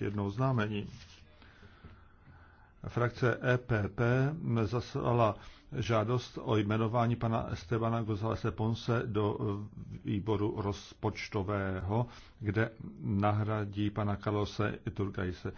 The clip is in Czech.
jedno známení. Frakce EPP zaslala žádost o jmenování pana Estebana Gonzalese Ponce do výboru rozpočtového, kde nahradí pana Carlose Iturgaise.